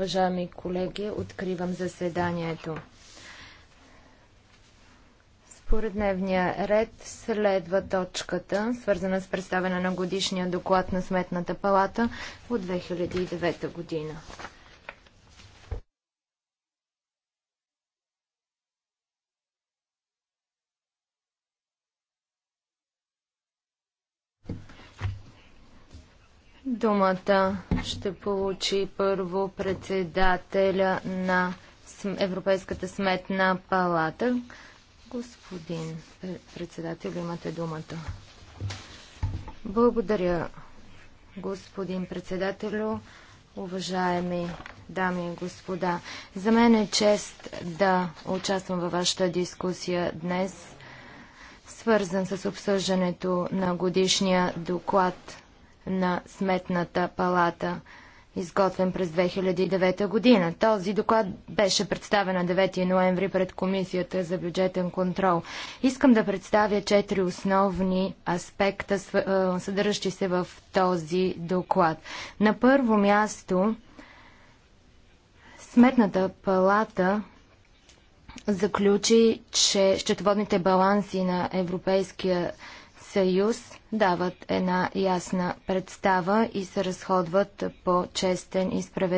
Уважаеми колеги, откривам заседанието. Според дневния ред следва точката, свързана с представяне на годишния доклад на Сметната палата от 2009 година. Думата ще получи първо председателя на Европейската сметна палата. Господин председател, имате думата. Благодаря, господин председателю, уважаеми дами и господа. За мен е чест да участвам във вашата дискусия днес, свързан с обсъждането на годишния доклад на Сметната палата, изготвен през 2009 година. Този доклад беше представен на 9 ноември пред Комисията за бюджетен контрол. Искам да представя четири основни аспекта, съдържащи се в този доклад. На първо място, Сметната палата заключи, че счетоводните баланси на Европейския съюз дават една ясна представа и се разходват по честен и справедлив